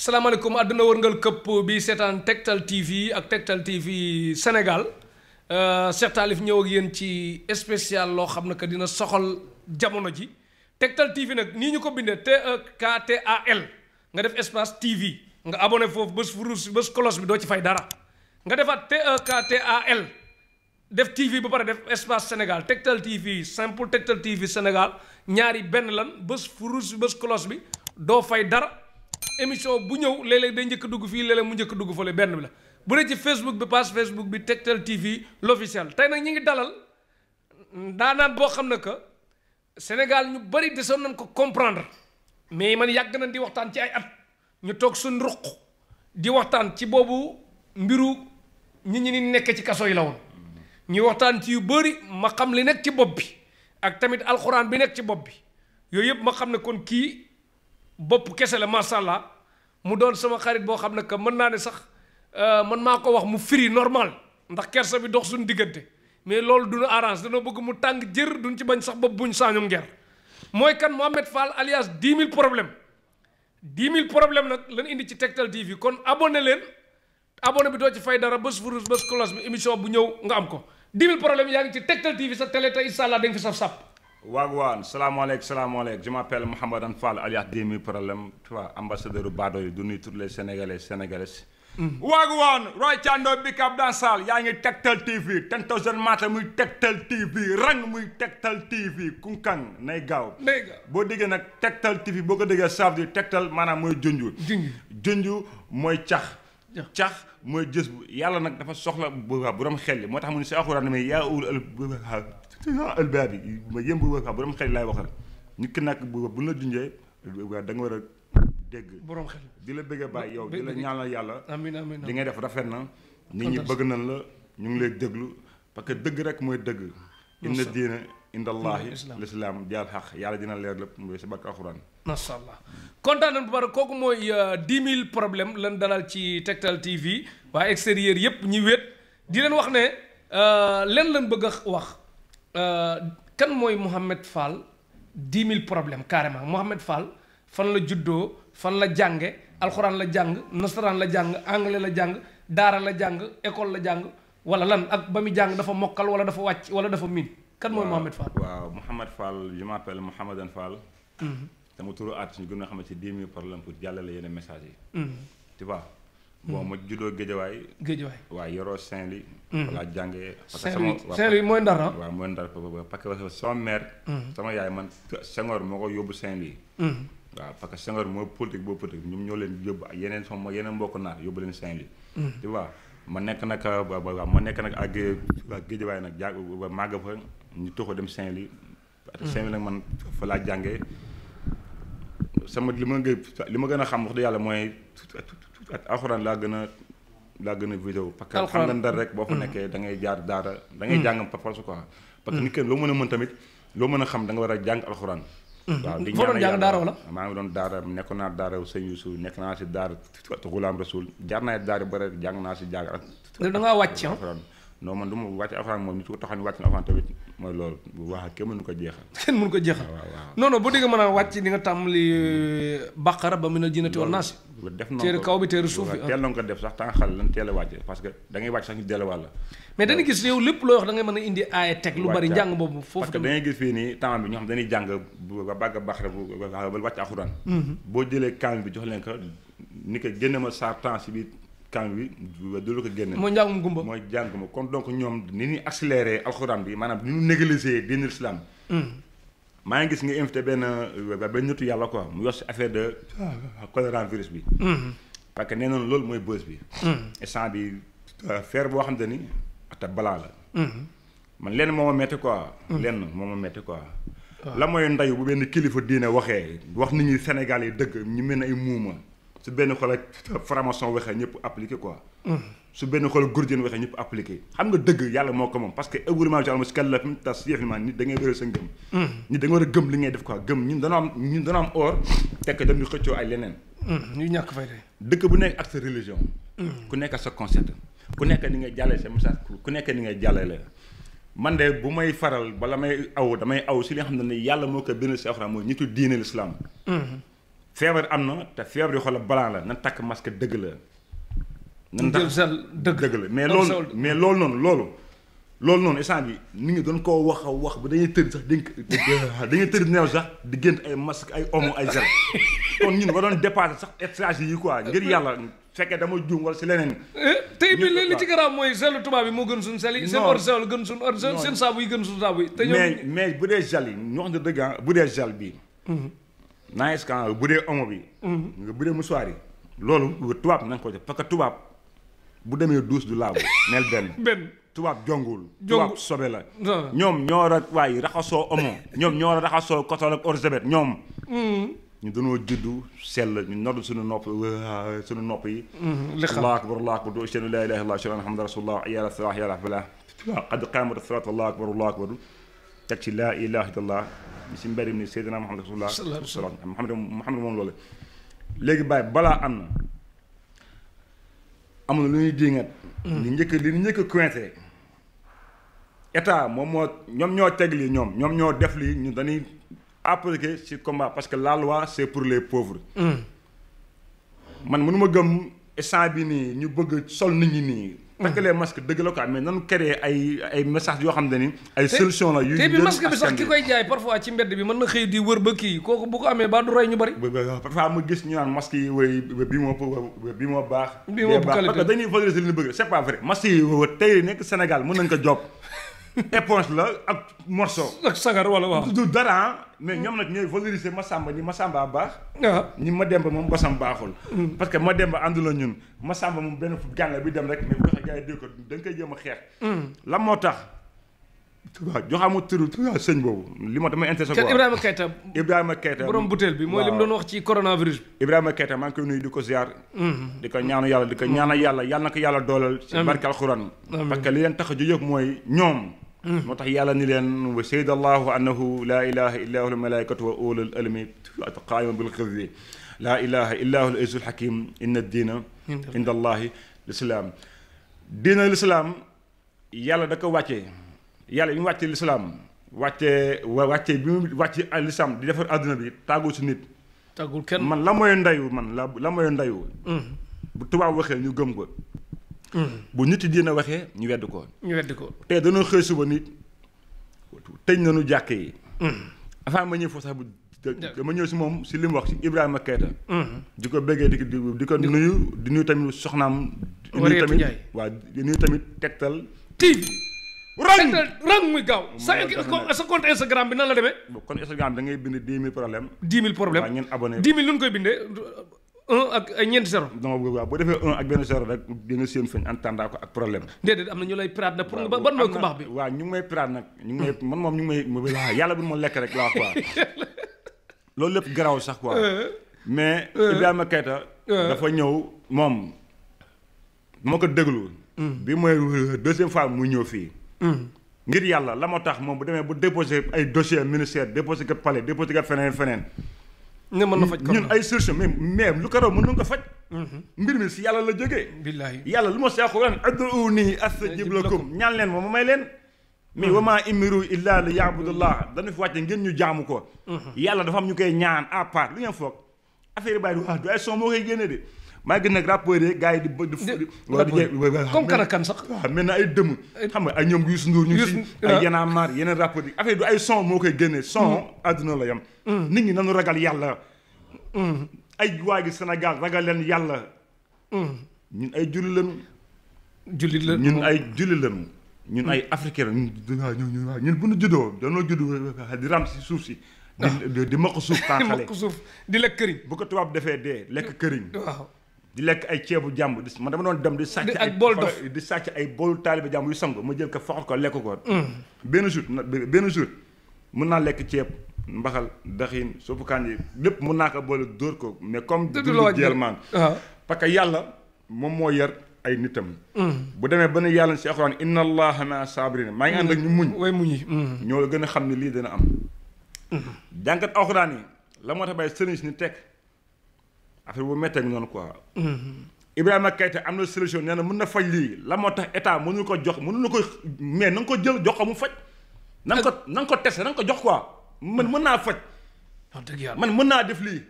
salaamaaleykum àdduna wërngal këpp bi seetaan Tektal TV ak Tektal TV Sénégal euh, Cheikh Talif ñëw ak yéen ci spécial loo xam ne que dina soxal jamono ji Tektal TV nag nii ñu ko bindee T E K T A L nga def espace TV nga abone foofu bés furus bés kolos bi doo ci fay dara nga defaat T E K T A L def TV ba pare def espace Sénégal Tektal TV simple Tektal TV Sénégal ñaari benn lan bés furus bés kolos bi doo fay dara. émission bu ñëw léeg-léeg day njëkk dugg fii léeg-léeg mu njëkk dugg fële benn bi la bu dee ci Facebook bi page Facebook bi Tektal TV l'officiel tey nag ñi ngi dalal daanaan boo xam ne que Sénégal ñu bari desoon nañ ko comprendre mais man yàgg na di waxtaan ci ay at ñu toog suñ ruq di waxtaan ci boobu mbiru ñi ñi ni nekk ci kaso yi la ñuy waxtaan ci yu bari ma xam li nekk ci bopp bi ak tamit alxuraan bi nekk ci bopp bi yooyu yëpp ma xam ne kon kii bopp kese la macha allah mu doon sama xarit boo xam ne que mën naa ne sax euh, mën maa ko wax mu firi normal ndax kersa bi dox suñu diggante mais loolu duñu arrange dana bëgg mu tàng jër duñ ci bañ sax bopp buñ saañu nger mooy kan Mouhamed Fall alias 10 000 problèmes 10 000 problèmes nag lan indi ci Tektal TV kon abonné leen abonné bi doo ci fay dara bés furus bés cloche bi émission bu ñëw nga am ko 10 000 problèmes yaa ngi ci Tektal TV sa télé te incha allah da nga Wagwan, salam alaikum, salam alaikum. Je m'appelle Mohamed Anfal, alias Demi Problème, toi, ambassadeur Badoy, de tous les Sénégalais, Sénégalaises. Wagwan, Roy Chando, Big Up Dansal, yaa ngi Tektal TV, 10000 matter muy Tektal TV, rang muy Tektal TV, kunkang, nay gaaw. boo déggee nag Tektal TV boo ko déggee saaf di Tektal maanaam mooy junju. junju mooy cax. cax mooy jës bu yàlla nag dafa soxla bu borom xel yi moo tax mu ne si alxuraan yaa ulul Seydina Albaabi ma yëm bu wër xam borom xel laay waxal nit ki nag bu bu la junjee da nga war dégg. borom di la bëgg a bàyyi yow di la ñaanal yàlla. amiin amiin li ngay def rafet na. nit ñi bëgg nañ la ñu ngi lay déglu parce que dëgg rek mooy dëgg. inna diina indallaahi lislaam jaar xaq yàlla dina leer lépp mooy si barke alxuraan. macha allah kontaan nañu bu baax kooku mooy 10 euh, 000 problèmes lan dalal ci Tektal TV waa extérieur yëpp ñi wéet di leen wax ne euh, lenn lan bëgg a wax. Euh, kan mooy Mouhamed Fall dix mille problèmes carrément Mouhamed Fall fan la juddoo fan la jànge alxuraan la jàng nasaraan la jàng anglais la jàng daara la jàng école la jàng wala lan ak ba mu jàng dafa mokkal wala dafa wàcc wala dafa miin kan mooy Mouhamed Fall waaw Mouhamed Fall je m'appelle Mouhamadan Fall dama mhm. turu artiste ñu gën a xamante ci dix mille problèmes pour jàllale yenn message yi mhm. bon ma juddoo Géejawaay. Géejawaay waa yoroo Saint-Louis. balaa mm. jàngee. Saint-Louis Saint-Louis ah? parce que sama mère. Mm. yaay man Senghor moo ko yóbbu Saint-Louis. Mm. waaw parce que ñoo leen yóbbu ak yeneen sama yeneen mbokk ma nekk nag waaw nekk nag ak Géejawaay nag jàng màgg fa ñu toxoo dem Saint-Louis. laa jàngee sama li ma gë li ma gën a xam wax yàlla mooy. ak alxuraan laa gën a laa gën a vidéo parce que xam nga ndar rek boo fa mm. nekkee da ngay jaar daara da ngay mm. jàng par force quoi parce que mm. nit kenn loo mën a mën tamit loo mën a xam da nga war a jàng alxuraan waaw di ñaan jàng daara maa ngi doon daara nekkoon naa daara sëñ Youssou nekk naa si daara Goulam Rasoul jaar naa daara bare jàng naa si jàng da ngaa wàcc ah? non man du ma wàcc alxuraan moom nit ko taxaw ni wàcc na alxuraan tamit mooy loolu bu kenn mënu ko jeexal. kenn mënu ko jeexal waaw waaw. non mën a wàcc di nga euh, baqara ba minal jinnati wan naas. teel na ko def sax tànqal lan teel a wàcce parce que da wàcc sax ñu delluwaat la. mais dañuy gis yow lépp loo wax da mën a indi aaya teg lu bari njàng boobu parce que da gis fii nii temps bi ñoo xam dañuy jàng ba bàgg baqara ba wàcc alxuraan. Mhm. boo jëlee kaam bi jox leen ko ni ko génne ma saar temps si biir kàng bi du la ko génne mooy njàngum gumba mooy njàngum kon donc ñoom ni ñuy accéléré alxuraan bi maanaam ni ñu négliger diinul islam hmm. maa ngi gis nga invité benn benn nitu yàlla quoi mu yor si affaire de ah. coronavirus bi hmm. parce que nee noonu loolu mooy bës bi hmm. instant bi euh, faire boo xam te ni te balaa la man lenn moo a metti quoi lenn moo ma metti quoi ah. la mooy ndayu bu benn kilifa diine waxee wax nit ñi Sénégal yi dëgg ñu mel ay muuma su benn xol ak franc-maçon waxee ñëpp appliqué quoi. su benn xol gurdien waxee ñëpp appliqué. xam nga dëgg yàlla moo ko moom parce que ëllëmaa ci almas kàlla fi mu mm-hmm. a gëm li ngay def quoi gëm ñun danoo xëccoo ay leneen. ñu mm-hmm. ñàkk fay dëkk bu nekk ak sa religion. Mm-hmm. ku nekk sa concept. ku nekk ni nga jàllale sa message ku nekk ni nga jàllale. man de bu may faral bala may aw damay aw si li nga xam ne yàlla moo ko bind si afra mooy ñitu diine l'islam feebar am na te feebar yi xoolal balaa la na takk masque dëgg la. nan tax dëgg la mais loolu mais loolu noonu loolu. loolu noonu instant bi nit ñi doon koo wax a wax ba dañuy tëdd sax dénk dañuy tëdd neew sax di gént ay masque ay omo ay gel kon ñun waroon dépassé sax stratégie yi quoi ngir yàlla fekkee dama juum si leneen eh, tey bi li ci garaaw mooy gelu tubaab yi moo gën suñ sel yi seen or gel gën suñ or seen saabu yi gën suñ saabu yi mais mais bu dee gel yi ah, bu dee gel bii mhm. nice quand ah bu dee omo bi. Mhm. nga bu dee musuwaar yi. loolu tubaab na nga ko def parce que tubaab bu demee duus du laabu neel benn. benn tubaab jongul. tubaab sobe la. ñoom ñoo war a waaye raxasoo omo. ñoom ñoo war a raxasoo kotol ak orzabet ñoom. Mhm. ñu danoo juddu sell ñu noddu suñu nopp suñu nopp yi. Mhm, li xam allahu akbar allahu akbar ashhadu an laa ilaaha illallaah yàlla salaax yàlla falaax. qad qaamat salaat teg ci laa ilaha illallah si mberim ni seydina muhammad rasulullah salaam muhammad muhammad moom loolu léegi bàyyi balaa am na amul lu ñuy diingat mm. li njëkk li njëkk coincé état moom moo ñoom ñoo teg lii ñoom ñoom ñoo def lii ñu dañuy appliquer ci combat parce que la loi c'est pour les pauvres mm. man mënuma gëm instant bi nii ñu bëgg sol nit ñi nii takkalee masque dëgg la quoi mais nanu créer ay ay message yoo xam ne ni ay solution la yu te bi masque bi sax ki koy jaay parfois ci mbedd bi mën na xëy di wër ba kii kooku bu ko amee ba du rey ñu bari parfois mu gis ñu naan masque yi wéy bi moo baax bi moo baax parce que dañuy valoriser li ñu bëgg c'est pas vrai masque yi tey nekk Sénégal mën nañ ko job éponge la ak morso ak sagar wala waaw. du dara mais ñoom nag ñooy valoriser Masamba ni Masamba baax. waaw ah. ni Mademba moom bosam baaxul. Mm. parce que ma Mademba àndul la ñun Masamba moom benn gànna bi dem rek mais bu joxe ko da koy jëm a xeex. Mm. lan moo tax. Touba jox amul turu Touba sëñ boobu li ma damay intéressé quoi Ibrahima Keita Ibrahima Keita borom butéel bi mooy li mu doon wax ci coronavirus maa ngi koy di ko ziar mm-hmm. di ko ñaanu yàlla di ko ñaanal yàlla yàlla na ko yàlla doolal ci barke alxuraan parce que li leen tax a mooy ñoom mm. moo tax yàlla ni leen wa sayda allahu annahu laa ilaha a huwal malaikatu wa ulul ilmi qaima bil qisti laa ilaha illa huwal azizul hakim inna diina inda allahi lislaam diina lislaam yàlla da ko wàccee yàlla bi mu wàccee lislaam wàccee wàccee bi mu wàccee lislaam di defar àdduna bi tàggul si nit. tàggul kenn man la mooy ndayu man la la mooy ndayu. Mm-hmm. bu tubaab waxee ñu gëm ko. Mm-hmm. bu nit yi dina waxee ñu wedd ko. ñu wedd ko te dañoo xëy suba nit tëj nañu jàkk yi. Mm-hmm. avant ma ñëw foofu sax bu. dama ñëw si moom si li mu wax si Ibrahima Keita. di ko bëggee di ko di ko nuyu di nuyu tamit soxnaam. nuyu tamit waaw nuyu tamit Tektal TV. rang rang muy gaaw sa sa compte Instagram bi nan la demee. kon Instagram da ngay bind dix mille problème. dix mille problème waaw ngeen abonné dix mille lu ñu koy bindee un ak ay ñeenti zéro. non boo defee un ak benn zéro rek di nga séen fañ entendre ak problème. déedéet am na ñu lay pirate nag pour nga ban mooy ku baax bi. waa ñu ngi may pirate nag. ñu hmm. man moom ñu ngi may waaw yàlla bu ma lekk rek la loolu lépp garaw sax quoi. Hmm. mais hmm. Ibrahima Keita. dafa ñëw moom. moo ko déglu. bi fois mu ñëw fii. ngir yàlla la moo tax moom bu demee bu déposé ay dossier ministère déposé kat palais déposé kat feneen feneen. ne mën na faj ñun ay lu ko raw mën nañu faj. Mhm. mbir mi si yàlla la jógee. yàlla lu ma seexu ren ud'uunii astajib lakum ñaan leen ma ma may leen. mais mhm. wa maa umiru illaa li yaabudullah dañu fi wàcce ngeen ñu jaamu ko. Mhm. yàlla dafa am ñu koy ñaan à lu ngeen foog affaire bàyyi ah, du ay son moo koy génne de. maa ngi gën nag rappeurs yi gars yi di di kan ak kan ay dëmm xam nga ay ñoom Youssou Ndour ñu si ay yenaa maar yeneen rappeurs du ay son moo koy génnee son mm. àdduna la mm. nit ñi nañu ragal yàlla mm. ay waa gi Sénégal ragal leen yàlla ñun ay julli lañu ñun ay julli lañu ñun ay africain la ñun ñun bu ñu juddoo dañoo judd di ram si suuf si ah. di di maq suuf di lekk këriñ bu ko tubaab defee dee lekk këriñ di lekk ay ceebu jàmb di man dama doon dem di sàcc ay bool dof di sàcc ay boolu taalibe jàmb yu sangu ma jël ko foxat ko lekk ko mm. benn jour benn jour mën naa lekk ceeb mbaxal daxin suppu kànja yi lépp mun naa ko boole dóor ko mais comme dul jeel maan parce que yàlla moom moo yar ay nitam mm. bu demee ba ne yàlla si alxuraan inna allaha ma saabirina maa ngi ànd ak ñu muñ way muñ yi mm. ñoo la gën a xam ne lii dana am jàngat alxuraan yi la moo tax bay sëriñ ni tekk affaire bu méttee noonu quoi. Mm-hmm. Ibrahima Keita am na solution nee na mën na faj lii la moo tax état mënuñu ko jox mënuñu ko mais na nga ko jël jox ko mu faj. na nga ko na ko testé na nga ko jox quoi man mën naa faj. wax dëgg yàlla man mën naa def lii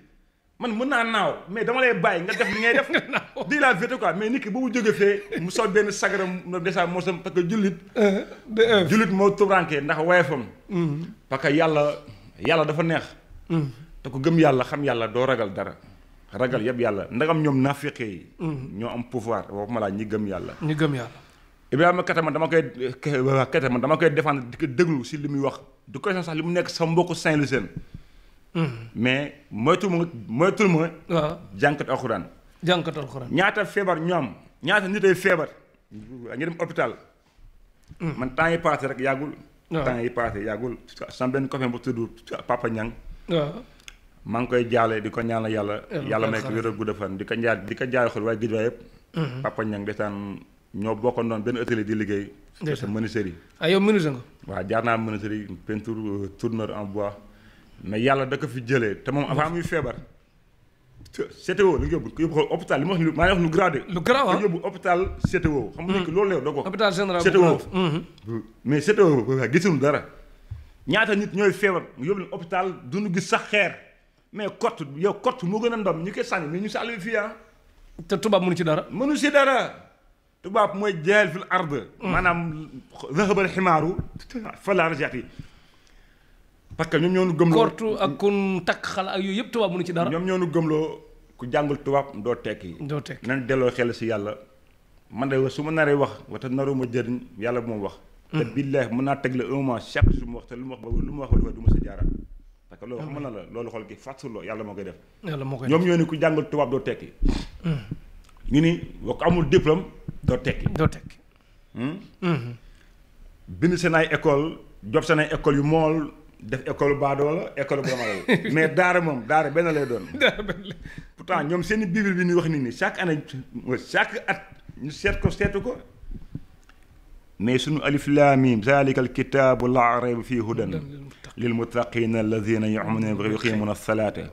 man mën naa naaw mais dama lay bàyyi nga def li ngay def. di la vérité mais nit ki bu mu jógee fee mu sol benn sagaram mu des moo sam parce que jullit. Uh-huh. jullit moo tubranke ndax wayefam. Mm-hmm. parce que yàlla yàlla dafa neex. Mm-hmm. te ko gëm yàlla xam yàlla doo ragal dara. ragal yëpp yàlla ndagam ñoom naafeqe yi. Mm-hmm. ñoo am pouvoir waxuma laa ñi gëm yàlla. ñi gëm yàlla. Ibrahima Keita man dama koy Keita man dama koy défendre di ko déglu si li muy wax du ko sax li mu nekk sa mbokku Saint-Louisien. Mm-hmm. mais moytu ma moytu ma. waaw jànkat alxuraan. jànkat alxuraan ñaata feebar ñu ñaata nit ay feebar. ñu dem hôpital. Mm. man temps yi passé rek yàggul. temps yi passé yàggul. sama benn copain bu tudd Papa Niang. maa ngi koy jaale di ko ñaana yàlla. yàlla may ko wér a gudd fan di ko jaay di ko jaay xol waaye Guédiawaye yëpp. Mhm. papa Niang desaan ñoo di liggéey. des na menuiserie. ah yow naa menuiserie peinture euh, tourneur en bois yàlla da ko fi jëlee te moom avant muy feebar. CTO li ma wax lu maa ngi wax lu grave de. lu grave ah? xam nga mhm. loolu léegi da ko. hôpital général CTO. Mhm. mais CTO gisul dara ñaata nit ñooy feebar yóbbu leen hôpital gis sax xeer. mais kott yow kott moo gën a ndam ñu koy sànni mais ñu sàlli fii ah. te tubaab mënu ci dara. mënu si dara. tubaab mooy jaayal fil ard. Hmm. maanaam zahabal ximaaru. fala rajat yi parce que ñoom ñoo nu gëmloo kortu ak kun takk xala ak yooyu yëpp tubaab mënu ci dara. ñoom ñoo nu gëmloo ku jàngul tubaab doo tekki. doo tekki nan delloo xel si yàlla. man de su ma naree wax wata naruma jëriñ yàlla bu ma wax. Hmm. te billaahi mën naa teg la un mois chaque jour wax te lu ma wax ba lu ma wax ba sa jaaraat. parce que loolu na la loolu xool gi fàttaloo yàlla moo koy def. yàlla moo koy def ñoom ñoo ni ku jàngal tubaab doo tekki. Hmm. ñu ni boo ko amul diplôme doo tekki. doo tekki. Hmm? Hmm. bind seen ay école job seen ay école yu mool def école baadoo la école bu la mais daara moom daara benn lay doon. daara benn lay ñoom seen i bible bi ñu wax nii nii chaque année chaque at ñu seet ko seetu ko. mais suñu alif laam miim zaalikal kitaabu laa rayba fii hudan lil muttaqiina allaziina yu'minuuna bi yuqiimuuna salaata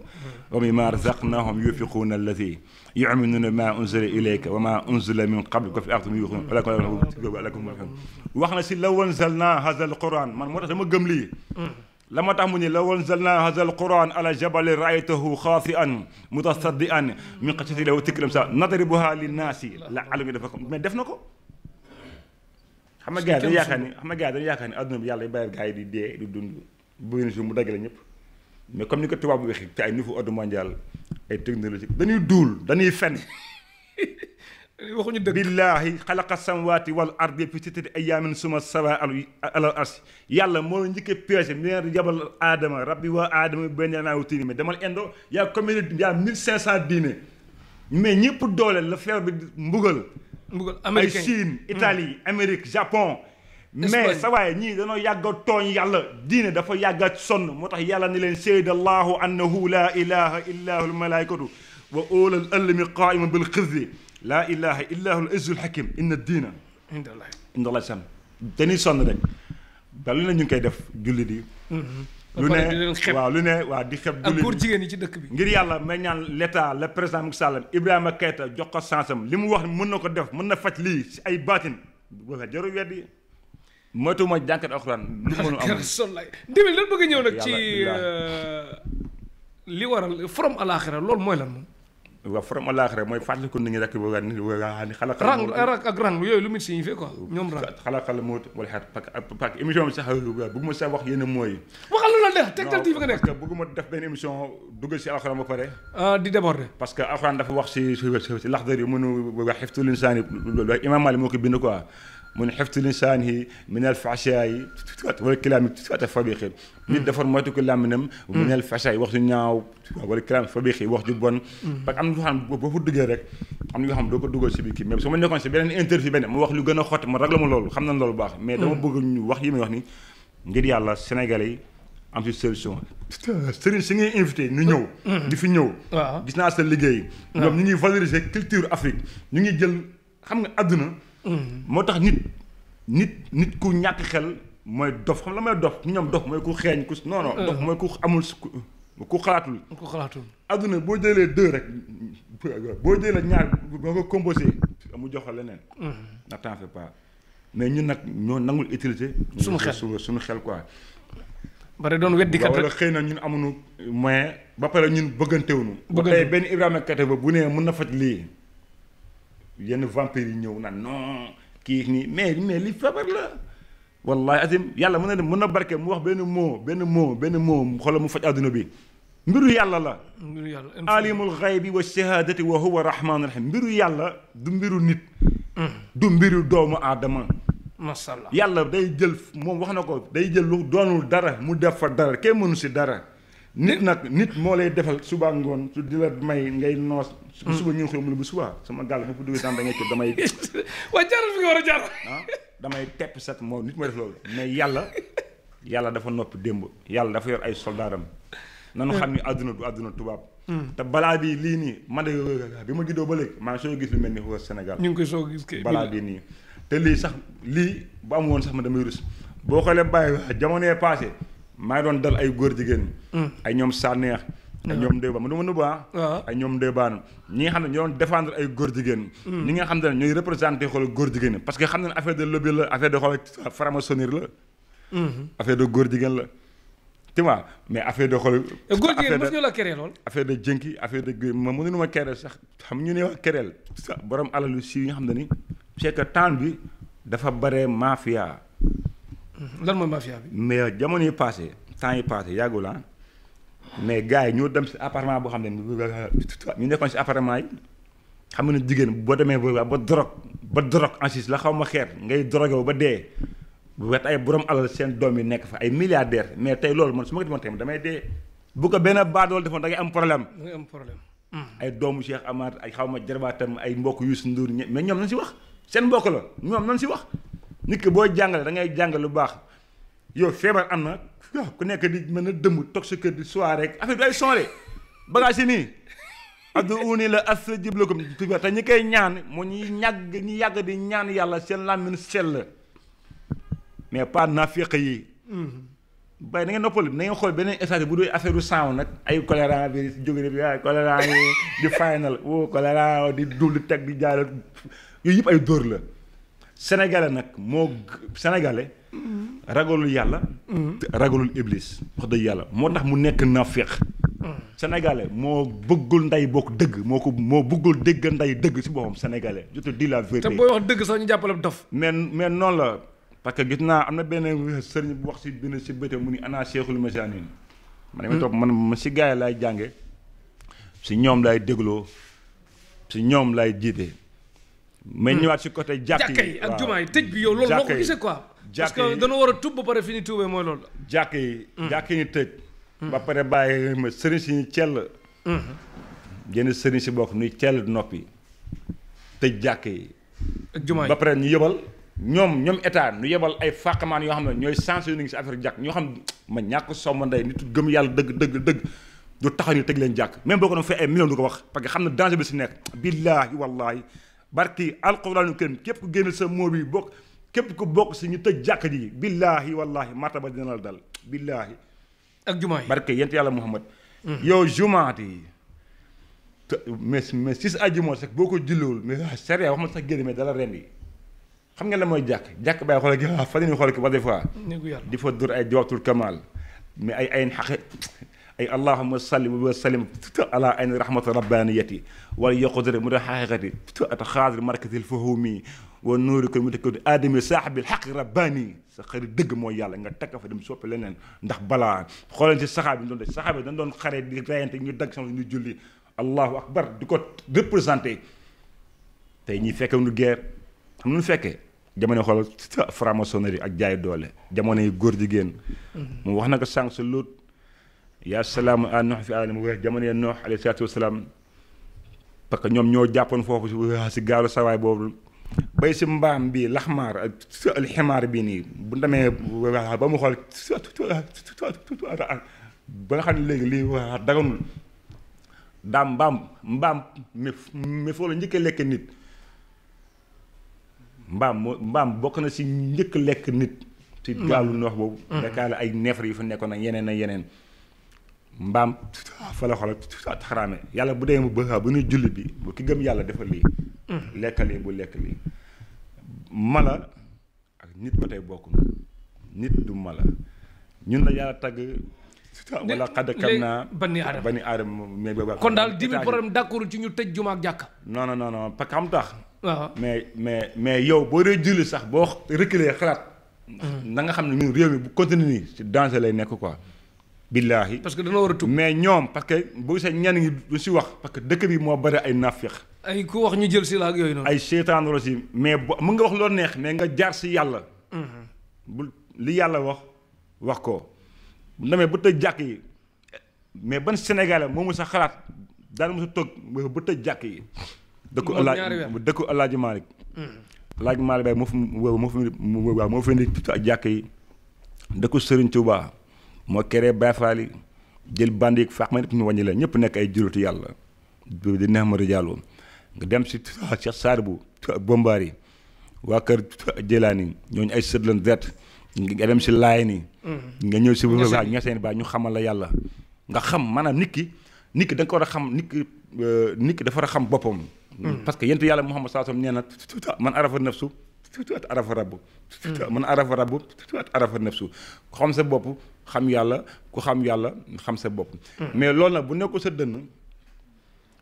wa mimmaa razaqnaahum yunfiquuna allaziina yu'minuuna bimaa unzila ilayka wa maa unzila min qablika fi ardi wax na si law anzalnaa haazal quraan man moo tax dama gëm lii. la ma tax mu ne law anzalnaa haazal quraan alaa jabalin ra'aytahu xaashi'an mutasaddi'an min xashyatilaahi wa tilka al-amsaal nadribuhaa linnaasi la'allahum yatafakkaruun mais def na ko. xam nga gars yi dañu yaakaar ni xam nga gars yi dañu bi yàlla yi bàyyi gars yi di dee di dund bu benn mu dagale ñëpp mais comme ni ko tubaab bi waxee mondial ay dañuy duul dañuy fen dëgg billaahi xalaqa samwaati wal ardi fi sittati ayaamin suma sawa alal arsi yàlla moo la njëkkee piégé mère yabal aadama rabbi waa aadama benn yaa naa mais demal indo yaa commune mille cinq cent diine mais ñëpp doole la feebar bi mbugal mbugal américain ay Chine hmm. Italie Amérique Japon. mais sa waaye ñii dañoo yàgg a tooñ yàlla diine dafa yàgg a sonn moo tax yàlla ni leen shahida allahu annahu laa ilaha illa hu lmalaikatu wa ulul ilmi qaaiman bil qisti laa ilaha illa hu l izzul hakim inna diina inda allah inda allah islam dañuy sonn rek balu na ñu ngi koy def jullit yi hmm. lu ne waaw lu ne waaw di xeb ak góor jigéen yi ci dëkk bi ngir yàlla may ñaan l'état le président Macky Sall Ibrahima Keita jox ko sansam li mu wax mën na ko def mën na faj lii si ay baatin boo xam jarul weddi moytu ma jànkat alxuraan lu mënu am solla démé lan bëgg ñëw nag ci euh, li waral forom alaxira loolu mooy lan moom waaw forom àllaaxira mooy fàttali ko nit ñi waa ni xalaat. rang rang ak rang yooyu lu muy signifié quoi ñoom rang. xalaat xalaat moo wala xeet parce que émission bi sax bëgguma sax wax yenn mooy. waxal lu la neex Tektal TV nga nekk. parce que bëgguma def benn émission duggal si alxuraan ba pare. Ah, di déborder. parce que alxuraan dafa wax si si laxdar yi mënu xiftul insaani loolu imaam Maalik moo ko bind quoi. mun xiftu lisaanihi minal fahshaa'i wala kalaami fabiix nit dafa moytu ko làmminam minal wax ju ñaaw wala kalaami fabiix wax ju bon. parce que am na yoo xam ne boo fa duggee rek am na yoo xam ne doo ko dugal si biir kii mais su ma nekkoon si beneen interview benn mu wax lu gën a xott ma ragla ma loolu xam nañ loolu baax. mais dama bëgg ñu wax yi may wax ni ngir yàlla Sénégalais yi. am ci solution sëriñ si ngay invité ñu ñëw di fi ñëw gis naa sa liggéey ñoom ñu ngi valoriser culture Afrique ñu ngi jël xam nga àdduna Mm. moo tax nit nit nit ku ñàkk xel mooy dof xam la mooy dof ñu ñoom dof mooy ku xeeñ ku non non dof mm. mooy ku amul ku xalaatul ku xalaatul adduna boo jëlee deux rek boo jëlee ñaar boo ko composé mu jox la leneen mm. ndax t'en fais pas mais ñun nag ñoo nangul utilité suñu xel suñu xel quoi bari doon weddi kat wala xëy na ñun amunu moyen ba pare ñun bëggantewuñu ba tey benn Ibrahima Kate ba bu nee mun na faj lii yenn vampire yi ñëw na non kii nii mais mais li feebar la wallahi asim yàlla mën na dem mën na barke mu wax benn moo benn moo benn moo xoolal mu faj àdduna bi mbiru yàlla la mbiru yàlla alimul xaybi wa shahadati wa huwa rahmaanu rahim mbiru yàlla du mbiru nit hmm. du mbiru doomu aadama macha yàlla day jël moom wax na ko day jël lu doonul dara mu def fa dara kenn mënu si dara nit nag nit moo lay defal suba ngoon su di la may ngay noos. su hmm. suba ñu xew mu la bu suba sama gàll bu duggee temps da ngay coow damay. waa jaarul fi nga war a jaar. Ah, damay tepp set moom nit mooy def loolu mais yàlla yàlla dafa noppi démb yàlla dafa yor ay soldaaram. nanu hmm. xam ni àdduna du àdduna tubaab. Hmm. te balaa bii lii nii man de bi ma juddoo ba léegi maa ngi soo gis lu mel ni waa Sénégal. ngi koy soo gis kay balaa bi nii. te lii sax lii bu am woon sax ma damay rus boo xoolee bàyyi jamonoy paase. maa ngi doon dal ay góor jigéen. Mm. ay ñoom sànneex. ay ah. ñoom Ndeye Ba mënu ma nëbbu ah. ay ñoom Ndeye Ba ñi nga xam ne ñoo doon défendre ay góor jigéen. Mm. ñi nga xam ne ñooy représenté xool góor jigéen parce que xam nañ affaire de lobby la affaire de xool franc-maçonnerie la. Mm-hmm. affaire de góor jigéen la. tu mais affaire de xool. Eh, góor jigéen mos ñu la kereel lool. affaire de jënki affaire de ma mënuñu ma kereel sax xam ñu ne waa kereel. borom alal yu si yi nga xam ne ni c'est temps bi dafa bare mafia. Mhm. lan mooy mais euh, jamono yi passé temps yi passé yàggul mais gars yi ñoo dem si appartement boo xam ne ñu nekkoon si appartement yi xam nga ne jigéen boo demee ba ba dorog ba dorog en siis la xaw ma xeet ngay dorogew ba dee bu wet ay borom alal seen doom yi nekk fa ay milliardaires mais tey loolu man su ma ko defoon tamit damay dee. bu ko benn baadool defoon da ngay am problème. da ngay am problème. Mhm. ay doomu Cheikh Amar ay xaw ma jarbaatam ay mbokk Youssou Ndour mais ñoom nañ si wax mbokk la ñoom nañ si wax. nit ki boo jàngale da ngay jàng lu baax yow feebar am na ah, ku nekk di mën a dëmb toog sa kër di soir rek affaire bi ay sonre bagage yi nii addu uni la astajib lakum te ñi koy ñaan moo ñuy ñàgg ñi yàgg di ñaan yàlla seen làmmiñ la mais naa nafiq yi mm-hmm. bay na ngeen noppal na ngeen xool beneen état bu dul affaire du saaw nag ay choléra bi jóge bi di final woo choléra di dul teg di jaay yooyu yëpp ay dóor la sénégalais nag moo sénégalais ragalul yàlla ragalul iblis wax dëgg yàlla moo tax mu nekk naafeq sénégalais moo bëggul ndey bokk dëgg moo ko moo bëggul dégg ndey dëgg si boppam sénégalais je te dis la vérité te booy wax dëgg sax ñu jàppale dof mais mais noonu la parce que gis naa am na benn sëriñ bu wax si benn si bëte mu ni ana cheikhul masanin man ne ma topp man ma si gars yi laay jànge si ñoom laay dégloo si ñoom laay jiite mais hmm. ñëwaat si côté jàkk yi ak jumaa yi tëj bi yow loolu loo ko gisee quoi parce que dana war a tub ba pare fi ñu tuubee mooy loolu jàkk yi hmm. jàkk yi ñu tëj hmm. ba pare bàyyi ma sëriñ si ñu cell jenn sëriñ si bokk nuy cell noppi tëj jàkk yi ak jumaa yi ba pare ñu yebal ñoom ñoom état ñu yebal ay fàqamaan yoo xam ne ñooy sensé nañu si affaire jàkk ñoo xam ma ñàkk somma ndey nit gëm yàlla dëgg dëgg dëgg du taxaw ñu tëj leen jàkk même boo ko doon fay wax parce que xam ne danger bi si nekk billaahi barki alquranu karim képp ku génn sa moo bi bokk képp ku bokk si ñu tëj jàkk ji billaahi wallaahi martaba dina la dal billaahi ak jumaa yi barke yent yàlla muhammad mm. yow jumaat yi te mais mais sis ajuma sax boo ko julliwul mais sariya wax ma sax génn mais dala rend yi xam nga la mooy jàkk jàkk bàyyi xool gi ah, fan yi xool ki ba des fois di fa dur ay diwaatul kamal mais ay ay xaqi ay allahuma salli wa sallim ala ayni rahmati rabbaniyati wala yoqudre mu ta xaqiqati ata xaadri markatil fahumi nuuri ko mu ta ko aadami saaxibil xaq rabbani sa xarit dëgg mooy yàlla nga takka fa dem soppi leneen ndax balaa xooleen ci saxaaba yi doon doon xare di reyante ñu dagg sama ñu julli allahu akbar di ko représenté tey ñi fekke nu guerre xam nu fekkee jamono xoolal franc-maçonnerie ak jaay doole jamono yi góor jigéen mm-hmm. mu wax na ko sànq sa lóot yaa salaamu an nox fi alam weex jamono yeen noox alayhi salaatu wasalaam parce que ñoom ñoo jàppoon foofu ah, si gaalu sawaay boobu bay si mbaam bi laxmaar ak alximaar bii nii bu demee ah, ba mu xool ba nga xam ne léegi lii waa ah, mbaam mbaam mi mi foo la njëkk a lekk nit mbaam moo mbaam bokk na si njëkk lekk nit si gaalu noox boobu mm-hmm. nekkaa la ay neefar yu fa nekkoon ak yeneen ak yeneen mbaam fa la xoolal xaraame yàlla bu dee mu bëgg bu nu julli bi bu ki gëm yàlla defal lii. lekkali bu lekk lii. mala ak nit ba tey bokk na nit du mala ñun la yàlla tagg. wala xadd kam naa bani aadama bani aadama kon daal dix mille problème d'accord ci ñu tëj juma ak jàkka. non non non parce que am tax. Ah. mais mais mais yow boo dee julli sax boo reculer xalaat. Mm. na nga xam ne ñun réew mi bu continuer nii ci danger lay nekk quoi. billaahi parce que dañoo war mais ñoom parce que bu sa ñan ngi du si wax parce que dëkk bi moo bari ay naafeq ay ku wax ñu jël si la yooyu noonu ay seetaan rosi mais bo mën nga wax loo neex mais nga jaar si yàlla mhm. bu li yàlla wax wax ko demee bu yi mais ban Sénégalais moomu sa xalaat daal mu sa toog ba tëj jàkk yi dëkku alaaj dëkku alaaji Malick mhm. alaaji Malick Baye moo fi moo fi waaw moo fi indi ak jàkk yi dëkku Serigne Touba moo keree Baay Faal yi jël band yi faax ni ñëpp ñu wàññi la ñëpp nekk ay julliti yàlla di neex ma rijaaloo nga dem si Cheikh Saar bu bombaar yi waa kër Jëlaani ñooñu ay sët lan vert nga dem si laay ni mhm. nga ñëw si ñeseen ba ñu xamal la yàlla nga xam maanaam nit ki nit ki da nga ko war a xam nit ki euh, nit ki dafa war a xam boppam mhm. parce que yentu yàlla Muhammad saa nee na man arafa nafsu arafa rabbu man arafa rabbu arafa nafsu xam sa bopp xam yàlla ku xam yàlla xam sa bopp. Hmm. mais lool na bu nekkul sa dënn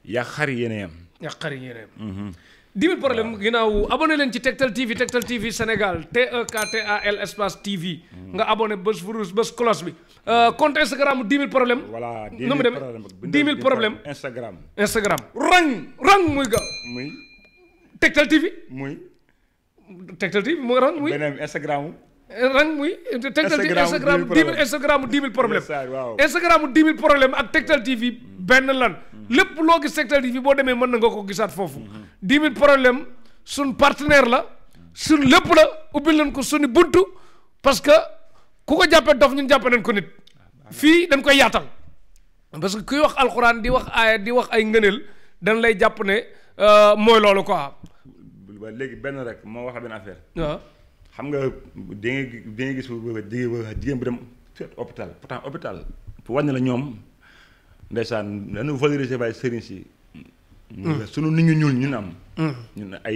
yaa xar yéene yam. yaa xar yéene yam. Hmm. dix problème ginnaaw abone leen ci Tektal TV Tektal TV Sénégal T E K T A L espace TV. Hmm. nga abonné bés furus bés cloche bi. Euh, compte Instagram dix mille problème. voilà dix mille problème dix mille problème Instagram. Instagram rang rang muy ga muy. Tektal TV. muy. Tektal TV mu rang muy. ren muy. tegtal TV Instagram mu 10 Instagram mu 10 000 problème Instagram mu 10 000 problème ak tegtal benn lan. lépp loo gis tegtal TV boo demee mën na nga ko gisaat foofu. 10 000 problème suñ partenaire la. suñ lépp la ubbil leen ko suñu buntu parce que ku ko jàppee dof ñun jàppee nañ ko nit. fii dañ koy yaatal. parce que kuy wax alxuraan di wax aaya di wax ay ngëneel dañ lay jàpp ne euh, mooy loolu ko quoi. léegi benn rek moo wax benn affaire. xam nga da nga da nga gis jigéen bu dem seet hôpital pourtant hôpital pour wàññi la ñoom ndeysaan dañu valoriser waaye sëriñ si mm. sunu nit ñu ñuul ñun am mm. ñun ay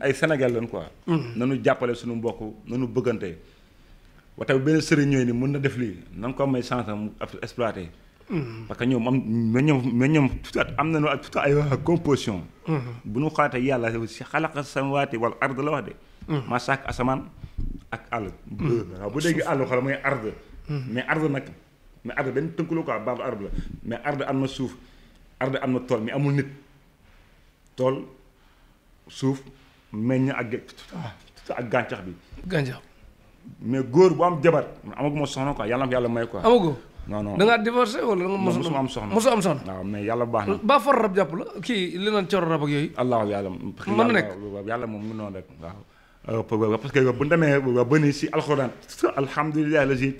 ay Sénégal lañ quoi mm. nanu jàppale suñu mbokk nanu bëggante waxta bu benn sëriñ ñooy ni mën na def lii nan ko may chance am exploité parce que ñoom am mais ñoom mais ñoom tout am nañu ay composition bu ñu xaatee yàlla si xalaqa samwaati wal ard la wax de Mm-hmm. ma sàkk asamaan ak àll. Mm-hmm. bu dégg àll xala mooy ard. Mm-hmm. mais ard nag mais ard benn tënkuloo quoi baab ard la mais ard am na suuf ard am na tool mais amul nit tool suuf meññ ak ah. ak bi. gàncax mais góor bu am jabar amaguma soxna quoi yàlla na yàlla may quoi. amagoo non non da ngaa divorcé wala da nga mosu am soxna yàlla baax na. nekk yàlla moom mu noonu rek waaw. Euh, euh, parce que euh, bu ñu demee ba ni si alxuraan alhamdulilah la si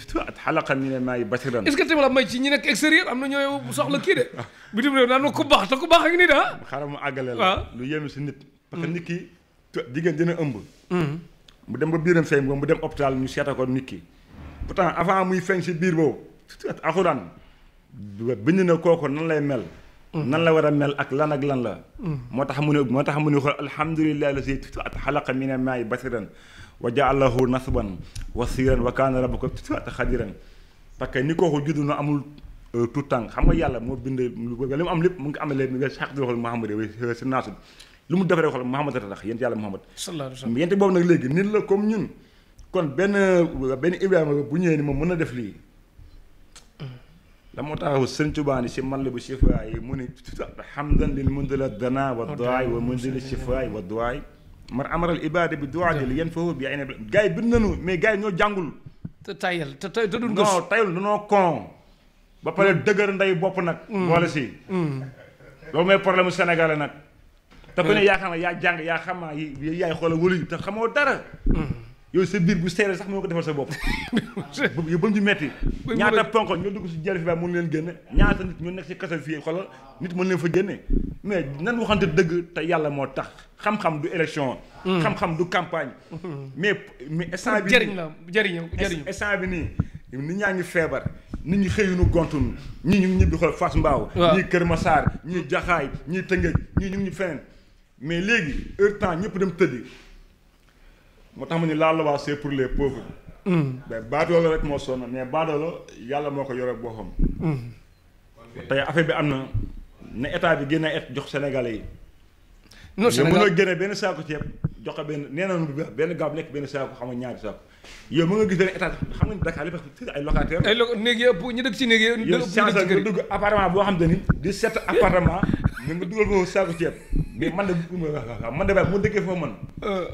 xalaqa ñu ne maay basiran. est-ce que la may ci ñi nekk extérieur am na ñooy soxla kii de. bitim réew naan ma ku baax te ku baax ak nit ah. xaaral mu àggale la. lu yéeme si nit. parce que mm. nit ki jigéen dina ëmb. Mm. mu dem ba biiram feeñ moom mu dem hôpital ñu seeta ko nit ki. pourtant avant muy feeñ si biir boobu alxuraan bind na kooku nan lay mel. Mm-hmm. nan la war a mel ak lan ak lan la mm-hmm. moo tax mu ne moo tax mu ne xool alhamdulillahi lazi xalaqa min al-maa'i basiran wa ja'alahu nasban wasiran wa kaana rabbuka qadiran parce que ni kooku juddu na amul euh, tout temps xam nga yàlla moo bind li mu am lépp mu ngi amalee mi nga xaq di xool Muhammad wa si naasul lu mu defaree xool Muhammad a tax yent yàlla Muhammad yent boobu nag léegi nit la comme ñun kon benn benn Ibrahima bu ñëwee ni moom mën na def lii la moo tax sëñ Tuubaa ni si man la bu shifaa yi mu ni hamdan lil mundila dana wa duwaay wa mundila shifaay wa duwaay mar amaral ibaada bi duwaati li yan foofu bi ay ne gars yi bind nañu mais gars yi ñoo jàngul te tayal te tayal duñ gës non tayal dunoo ba pare mm. dëgër ndey bopp nag wala mm. si mm. loolu mooy problème sénégalais nag te ku ne yaa xam yaa jàng yaa xam yaay xoolal wëluñu te xamoo dara yooyu sa biir bu seere sax moo ko defal sa bopp yow ba mu ci metti ñaata ponko ñoo dugg si jël fi ba mën leen génne ñaata nit ñoo nekk si kaso fii xoolal nit mën leen fa génne mais nan waxante dëgg te yàlla moo tax xam-xam du élection hmm. xam-xam du campagne hmm. mais mais instant bi jëriñ la jëriñ jëriñ instant bi nii nit ñaa ngi feebar nit ñu xëyunu gontun ñii ñu ngi ñibbi xool Fass Mbao ñii Kër Massar ñii Jaxaay ñii Tëngëj ñu ñu feneen mais léegi heure temps ñëpp dem tëddi moo tax ma ni la loi c'est pour les pauvres. mais mm. baadoolo rek moo sonn mais baadoolo yàlla moo ko yore boppam. Mm. tey affaire bi am na ne état bi gën a jox Sénégalais yi. non Sénégal mënoo benn saako ceeb jox ko benn nee nañu benn gaaw nekk benn saako xam nga ñaari saako yow mën nga gis benn xam nañu Dakar li lo néeg yi ëpp ñu dëkk ñu dëkk ci kër yi yow dugg boo xam ni. di sept appartement nga dugal saako ceeb mais man de man de waaye mu dëkkee foofu man. Euh,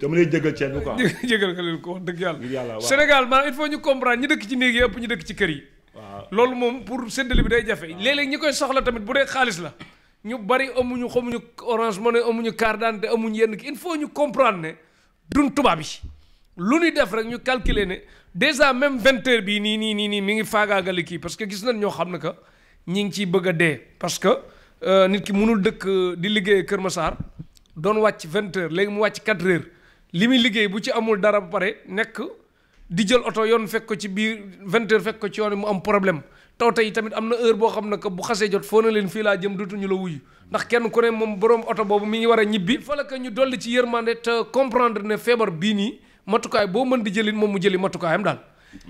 dama lay jégal ceeb bi quoi jégal ko leen ko dëgg yàlla Sénégal maanaam il faut ñu comprendre ñu dëkk ci néeg yi ëpp ñu dëkk ci kër yi waaw loolu moom pour séddale bi day jafe léeg ñu koy soxla tamit bu dee xaalis la ñu bari amuñu xamuñu orange ne amuñu carte d'identité amuñu yenn ki il faut ñu comprendre ne dun tubaab yi lu ñuy def rek ñu calculer ne déjà même vingt heures bii nii nii nii nii mi ngi faagaagali kii parce que gis nañ ñoo xam ne que ñi ngi ciy bëgg a dee parce que euh, nit ki munul dëkk di liggéey Kër Massar doon wàcc vingt léegi mu wàcc quatre heures li muy liggéey bu ci amul dara bu pare nekk di jël oto yoon fekk ko ci biir vingt fekk ko ci yoon mu am problème te yi tamit am na heure boo xam ne que bu xasee jot foo na leen fii laa jëm dootuñu la wuyu ndax kenn ku ne moom borom oto boobu mi ngi war a ñibbi. fala que ñu dolli ci yërmande te comprendre ne feebar bii nii matukaay boo mën di jëlin moom mu jëli matukaayam daal.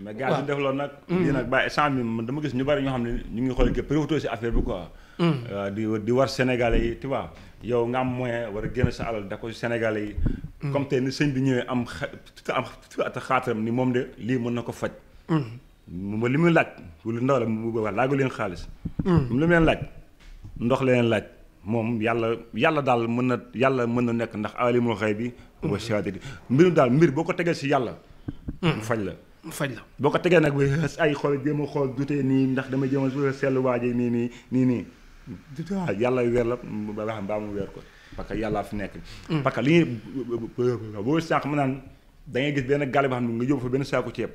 mais gars yi def loolu nag. Mm. lii nag bàyyi cent mille dama gis ñu bari ñoo xam ne ñu ngi xool que prévôt si affaire bi quoi. Mm. Euh, di di war Sénégalais yi tu yow nga moyen war a génn sa alal da ko Sénégalais yi Mm. comme tey ni sëñ bi ñëwee am xa am ata xaatam ni moom de lii mën na ko faj. Mm. ma li muy laaj lu ndaw la mu leen xaalis. Mm. mu li leen laaj ndox la leen laaj moom yàlla yàlla daal mën na yàlla mën na nekk ndax alimul xëy bi. wa shahaadati daal mbir boo ko tegee si yàlla. mu faj la. faj la boo ko tegee nag ay xool jéem xool dutee nii ndax dama jéem a seetlu waajee nii nii nii nii yàlla weer la ba baax mbaa mu weer ko. parce que yàllaa fi nekk. parce que li ñuy boo sànq ma naan da gis benn gàll boo xam ne nga yóbbu fa benn saako ceeb.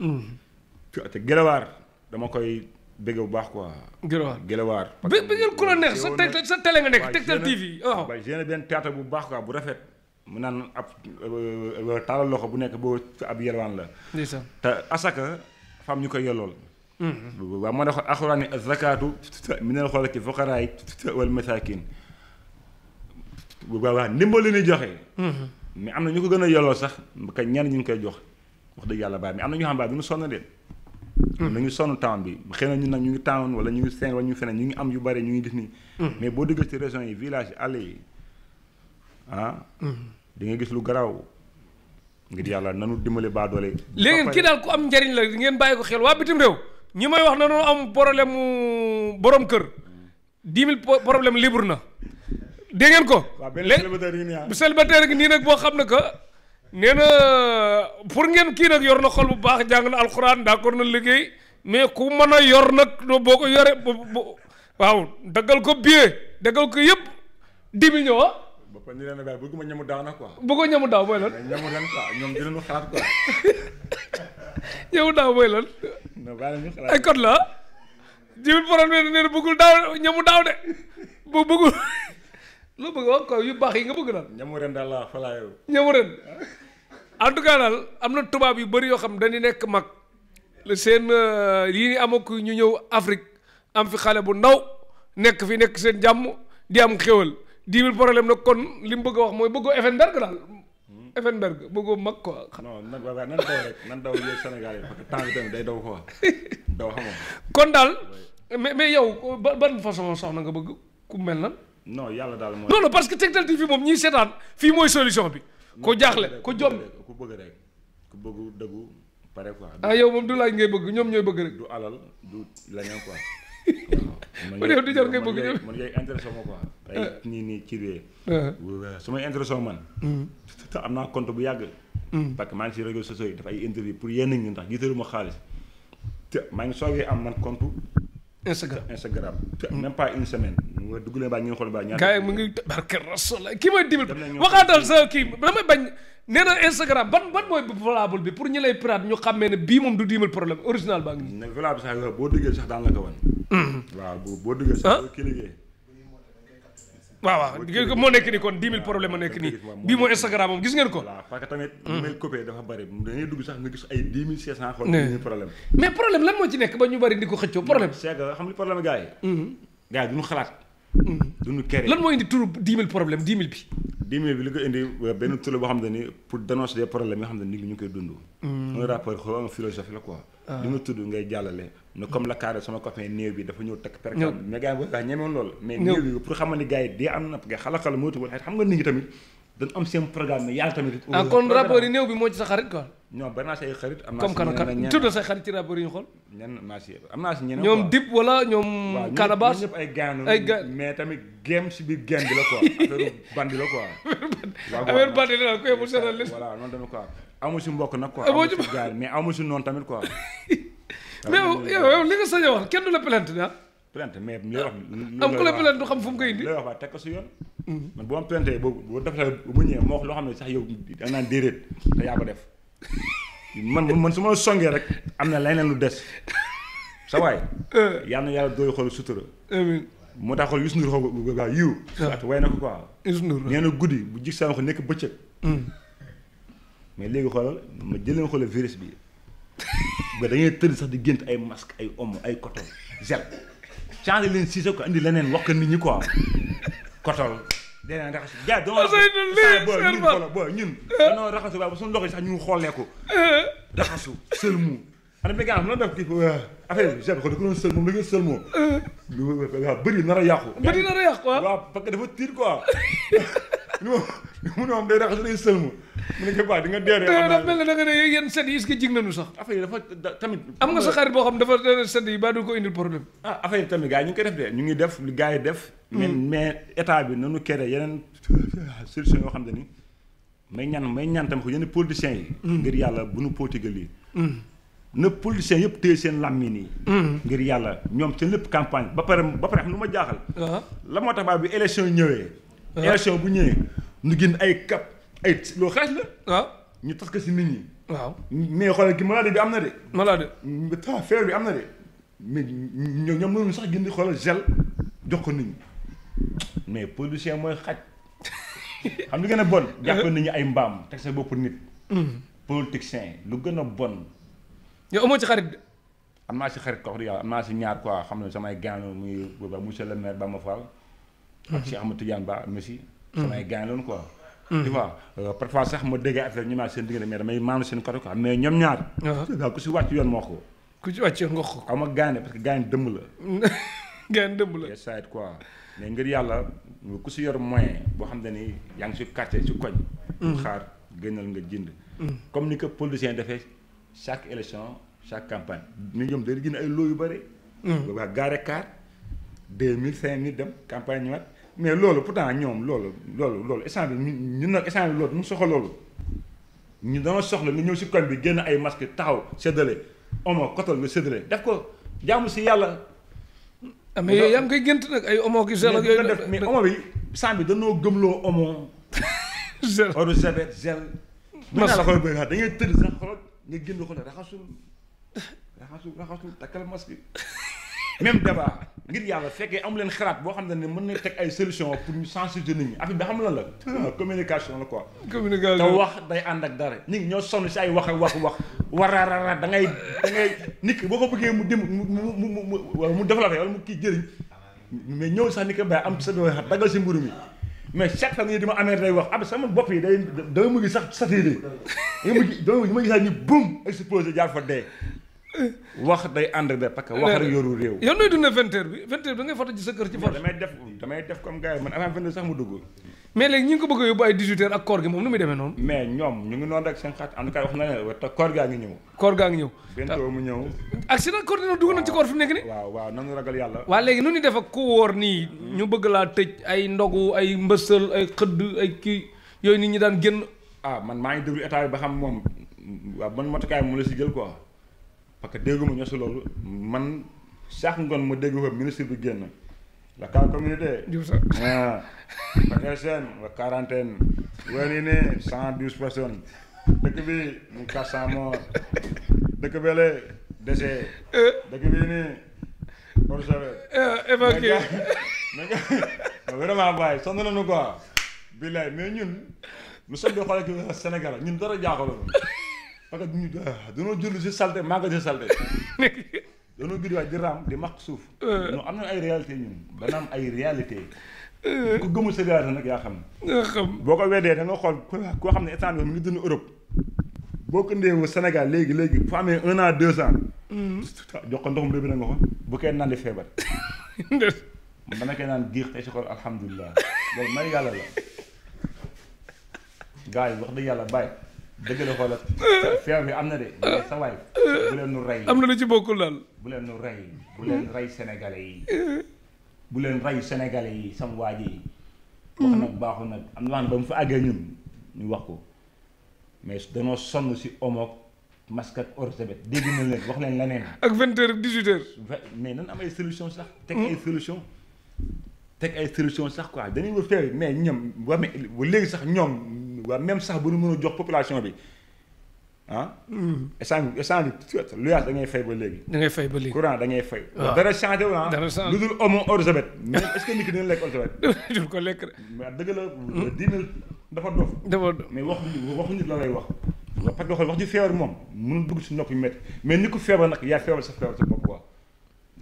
Mm-hmm. te gelewaar dama koy bëgg bu baax quoi. gelewaar gelewaar. bi bi ngeen ku la neex sa teg nga nekk Tektal TV waaw. waaw génne benn théâtre bu baax quoi bu rafet. mu naan ab euh, euh, taalal loxo bu nekk boo ab yelwaan la. te asaka fam ñu koy yellool. Mm-hmm. waaw moo ne ko alxuraan ni azakaatu mi neen xool ci fuqaraay wal masaakin bu boobaa ndimbal li ñuy joxe. Mm-hmm. mais am na ñu ko gën a yelloo sax ka ñenn ñu koy jox wax dëgg yàlla baay mi am na ñu xam bi ñu sonn leen. Mm-hmm. nañu sonn temps bi xëy na ñun nag ñu ngi temps wala ñu ngi ñu ngi ñu ngi am yu bare ñu ngi gis nii. Mm-hmm. boo dëggee ci yi village àll yi ah. gis lu garaaw. ngir yàlla nanu dimbali baa doole. léegi kii daal am njariñ la ngeen bàyyi ko xel waa bitim réew ñi may wax na noonu am problème mu borom kër. 10 000 problème libre na. dégg ngeen ko. waaw benn célibataire gi nii ah. célibataire gi nii nag boo xam ne que nee pour ngeen kii nag yor na xol bu baax jàng na alxuraan d'accord na léggéey mais ku man a yor nag boo ko yore waaw daggal ko billet daggal ko yëpp dix millions ah. ba pare ñu leen bàyyi bëgguma ñamu daaw nag quoi. bëggoo ñamu daaw mooy lan. ñamu la ah. jiw bi problème nee na daaw ñamu daaw de bu bëggul. loo bëgg wax ko yu baax yi nga bëgg daal. ñamu ren daal laa fa laa yow. ñamu am na tubaab yu bëri yoo xam dañu nekk mag seen euh, yii ni amag ñu ñëw Afrique am fi xale bu ndaw nekk fi nekk seen jàmm di am xéwal dix mille problème nag kon li mu bëgg a wax mooy bëggoo Effenberg daal. Hmm? Effenberg bëggoo mag quoi. non kon daal mais mais yow ban ban façon soxna nga bëgg ku mel nan. non yàlla daal mooy. non non parce que Tektal TV moom ñiy seetaan fii mooy solution bi. ko jaaxle ko jom ku bëgg rek ku bëgg dëggu pare quoi. ah yow moom du laaj ngay bëgg ñoom ñooy bëgg rek. du alal du leneen quoi. waaw man yow du jar ngay bëgg ñoom man yooyu intéressé ma quoi. nii nii ci biir. su may intéressé man. te hmm. am naa compte bu yàgg. Hmm. parce que maa ngi si réseaux sociaux yi def ay interview pour yenn ñi ndax jiitalu ma xaalis. maa ngi soogee am man compte. Instagram Instagram. même mu ngi barke rasul ki may dimbali waxaatal sa kii damay bañ. nee Instagram ban ban mooy valable bi pour ñi lay pirate ñu xàmmee ne bii moom du dimbali problème original baa ngi nii. valable sax boo duggee sax daan la ko wan. Hmm. waaw waaw moo nekk ni kon 10 000 problème a nekk nii bii moo Instagram moom gis ngeen ko. mais problème lan moo ci nekk ba ñu bëri di ko xëccoo problème. c'est que xam mm-hmm. xalaat. Mm-hmm. duñu kere lan moo indi turu dix mille problème dix bi. dix bi li ko indi euh, benn tur boo xam ne ni pour dénoncer des problèmes yoo xam ne nit ñi ñu koy dund. Mm-hmm. un rapport xaw ma philosophie la quoi. Ah. li nga tudd ngay jàllale. ne comme la carré sama copain néew bi dafa ñëw takk per mais gars yi boo xam ne ñemewoon loolu. mais néew bi pour xamal ni gars yi dee am na parce que xala xala moytuwul xam nga nit ñi tamit. dañ am seen programme yàlla tamit. ah kon rapport yi néew bi moo ci sa xarit quoi. ñoom bari naa say xarit. am naa si ñeneen comme kan tudd say xarit ci rapport yi ñu xool. ñenn naa si ñoom dip wala ñoom. Canabaas ay gaanu ga mais tamit game si biir game bi la quoi affaire bandi la quoi. affaire bandi la daal ku yebul seetal leen. voilà noonu tamit quoi si mbokk nag ko amu si gaal mais amu si noon tamit quoi. mais yow li nga sañ a wax kenn du la plainte ah. plainte mais am ku la plainte du xam fu mu koy ko si yoon. Mm-hmm. man boo am plainte boobu boo defee bu ñëwee moo wax loo xam ne sax yow da naan déedéet te yaa ko def man man su ma songee rek am na leneen lu des sa waay. Eh. yal na yàlla dooy xool sutura. amiin moo tax xool Youssou Ndour xaw ma yiw. waaw ah. way ko quoi. Youssou guddi bu jig sama ko nekk bëccëg. Mm. mais léegi xoolal ma jëlee nga xoolal virus bi ma dañuy tëdd sax di gént ay masque ay omo ay coton gel changé leen si sa ko indi leneen wax nit ñi quoi cotol danañ raxas jaay doo raxasu booy ñun dañoo raxasu waaye suñu loxo yi sax ñu xoolee ko raxasu sëlmu xam nga gànnaaw noonu def kii affaire bi ko doon sël moom la ngeen sël moom waaw bëri nar a yàqu bëri nar a yàqu waaw parce que dafa tiir quoi mu ne am day raxas day sëlmu mu ne ko baax di dee daf mel ne nga ne yéen sedd yi est jig nañu sax affaire yi dafa tamit am nga sa xarit boo xam dafa sedd yi baa du ko indil problème ah affaire yi tamit gars yi ñu ngi koy def de ñu ngi def li gars yi def hmm. mais état bi nanu kere yeneen solution yoo xam ne ni may ñaan may ñaan tamit ko yenn politiciens yi hmm. ngir yàlla bu nu politigal yi hmm. na politiciens yëpp téye seen làmmiñ yi ngir yàlla ñoom seen lépp campagne ba pare ba pare xam nu ma jaaxal ah. la moo tax bi élection yi Ah. élection bu ñëwee ñu génn ay kap ay loo xaaj la. waaw ah. ñu tas ko si nit ñi. waaw mais xoolal gi maladie bi am na de. maladie bi am na de mais ñoom ñoom sax gën di xoolal mais policier mooy xaj xam lu gën a bon. jàpp euh. nañu ay mbaam teg sa bopp nit. Hmm. politicien lu gën a bon. yow ci xarit de. am naa si xarit kooku di yàlla am naa si ñaar quoi xam ne samay gaano muy monsieur le maire Bamba Fall. ak si Ahmed Tidiane Ba Messi. Mhm. samay gaañ loon quoi. Mhm. tu vois euh, sax ma déggee affaire ñu naan seen diggante mais damay maanu seen côté quoi mais ñoom ñaar. waaw ah. ku si wàcc yoon moo ko. ku ci wàcc yoon nga ko. xam nga gaañ parce que gaañ dëmb la. gaañ dëmb la. yeesaay quoi mais ngir yàlla ku si yor moyen boo xam ne ni yaa ngi si quartier si koñ. Mhm. xaar gënal nga jënd. comme ni ko politicien defee chaque élection chaque campagne. ni ñoom dañuy jënd ay loo yu bëri. waa gaare kaar deux mille cinq mille dem campagne ñëwaat. mais loolu pourtant ñoom loolu loolu loolu instant bi ñun nag instant bi loolu ñu soxla ñu dama soxla nga ñëw si koñ bi génn ay masque taxaw séddale omo kotal nga séddale def ko jaamu si yàlla. Ah, mais yooyu yaa ngi koy gént nag ay omo ki gel ak yooyu def mais omo bi sant bi danoo gëmloo omo. gel eau a dañuy tëdd sax xool nga génn ko ne raxasul raxasul raxasul takkal masque. même débat ngir yàlla fekkee amu leen xalaat boo xam ne mën na teg ay solution pour ñu sensibiliser nit ñi affaire bi xam lan la ah. communication la wax day ànd ak dara. nit ñi ñoo sonn si ay wax ak wax wax wararara da ngay da ngay nit ki boo ko bëggee mu dem mu mu mu mu développé wala mu kii jëriñ mais ñëw sax am sa doole xar si mburu mi. mais chaque fois nga di ma amee day wax ab ah, sama bopp yi day day mujj sax saturé day mujj day mujj ma gisaa ni boum explosé jaar fa dee. wax day ànd de parce que wax rek yoru réew. yow nooy dundee vingt heures bi vingt heures bi da ngay foto ci sa kër ci force. damay def damay def comme gars man avant a gi moom nu muy demee noonu. mais ñoom ñu ngi noonu rek seen xaaj en tout cas wax na ne ragal yàlla. waa léegi nu ñuy def ku wóor nii. ñu bëgg laa tëj ay ndogu ay mbësal ay xëdd ay kii yooyu nit ñi daan génn. ah man maa ngi déglu état bi ba xam moom man motukaay moom la si jël quoi parce que dégguma ñosu loolu man chaque ngoon ma dégg fa ministre bi génn la ka communauté a paquet seen wa quarantaine wani ne cent douze personnes dëkk bi mu quatre cent morts dëkk bele euh. dëkk bi ni orsevé euh, évacué mais vraiment bàyyi sonn nañu quoi billaay mais ñun nous sommes des xoole ki Sénégal ñun dara jaaxaloo parce que duñu ah, dañoo jël si salté magasin salté dañoo gis di raam di maq suuf. Euh. am na ay réalité ñun dana am ay réalité euh. ku gëmul sa réalité nag yaa xam. yaa xam boo ko weddee da nga xool koo xam ne état bi mu ngi dund Europe. boo ko ndéewu Sénégal léegi léegi fu amee un an deux mm. jox ko ndoxum rëbbi na ko bu kenn naan di feebar. man dana koy naan giix te si xol alhamdulilah loolu yàlla la. gars yi wax dëgg yàlla bàyyi. dëgg la xoolal feebar bi am na de sa waay bu leen nu rey am na lu ci bokkul daal bu leen nu rey bu leen rey sénégalais yi bu leen rey sénégalais yi sama waaj yi wax nag baaxul nag am na ba mu fa àggee ñun ñu wax ko mais danoo sonn si omoog masque ak orsebet dégg na leen wax leen leneen ak vingt heures ak dix huit heures mais nan am ay solution sax teg hmm? ay solution teg ay solution sax quoi dañuy wër feebar mais ñoom wa léegi sax ñoom waa même sax bu ñu mën jox population bi ah. échange échange luyaas da ngay fay ba léegi. da ngay fay ba léegi courant da ngay fay. waaw ah. dara changé wu ah. dara changé lu dul omo orzabet. mais est ce que nit ki dina lekk ko lekk de. mais dëgg la. dix mille dafa dof. dafa dof mais waxuñu waxuñu la lay wax. parce que wax ji feebar moom mënul dugg si nopp yu mais ni ko feebar nag yaa feebar sa feebar sa bopp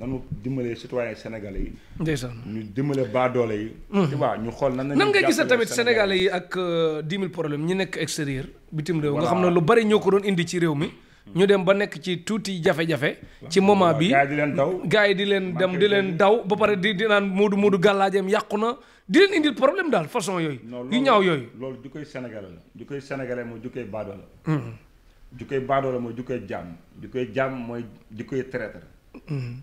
nanu dimbale citoyen sénégalais yi. ndeysaan ñu dimbale baadoole yi. Mhm. tu ñu xool nan nan nga gis tamit sénégalais yi ak 10 euh, 000 problème ñu nekk extérieur. bitim réew nga xam na lu bari ñoo ko doon indi ci réew mi. Mhm. ñu dem ba nekk ci tuuti jafe-jafe. ci moment bi gars di leen daw. gars yi di leen dem di leen daw ba pare di di naan Moodu Moodu gàllaajeem yàqu na di leen indil problème daal façon yooyu. yu ñaaw yooyu. loolu du koy sénégalais la du koy sénégalais mooy jukkee koy baadoole. du koy baadoole mooy mhm. jukkee koy du koy jàmm mooy du koy traître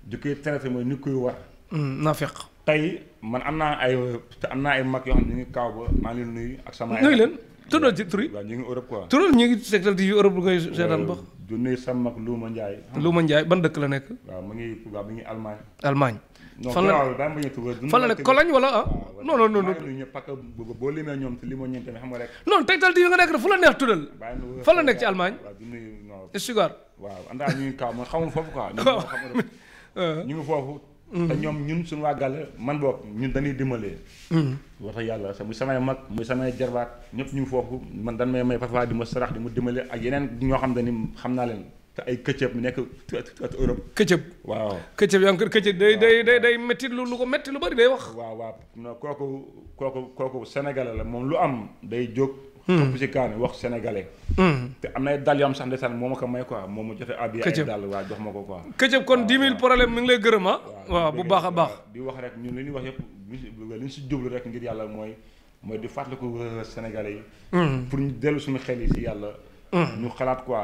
jikkoy mm-hmm. traité mooy nit koy war mm-hmm. naafeq tey man am naa ay am naa ay mag yoo xam ni ñu ngi kaaw ba maa ngi leen nuyu ak sama nuyu leen tuddal ci tur ñu ngi Europe quoi tuddal ñu ngi secteur di Europe lu koy seetaan ba euh, du nuyu sama mag Luuma Ndiaye Luuma Ndiaye ban dëkk la nekk waaw mu ngi waaw mu ngi Allemagne Allemagne fan la fan la nekk Cologne wala ah. ah non non non boo limee ñoom te limoo ñoom tamit xam nga rek. non tegtal di nga nekk fu la neex tuddal. fan la nekk ci Allemagne. Stuttgart. waaw andaa ñuy kaw man xamul foofu quoi. Ah. ñu ngi foofu. Mm-hmm. te ñoom ñun suñu waa gàll man boog ñun dañuy dimbalee. Mm-hmm. wax dëgg yàlla muy samay mag muy samay jarbaat ñëpp ñu ngi foofu man dañ may may parfois di ma sarax di ma dimbale ak yeneen ñoo xam ne ni xam naa leen. te ay këccëb nekk Europe. këccëb waaw këccëb yaa ngi këccëb day day day day métti lu lu ko métti lu bari day wax. waaw waaw non kooku kooku kooku sénégalais la moom lu am day jóg. Hmm. topp si kaani wax sénégalais. Hmm. te am na ay dàll yoo am sax ma ko may quoi moo ma joxe ab yi ay dàll waaw jox ma ko quoi. këccëb kon 10 000 problème mi ngi lay gërëm ah. a waaw bu baax a baax. di wax rek ñun li ñuy wax yëpp li ñu si jublu rek ngir yàlla mooy mooy di fàttaliku sénégalais yi. Hmm. pour xel yi si yàlla. xalaat quoi.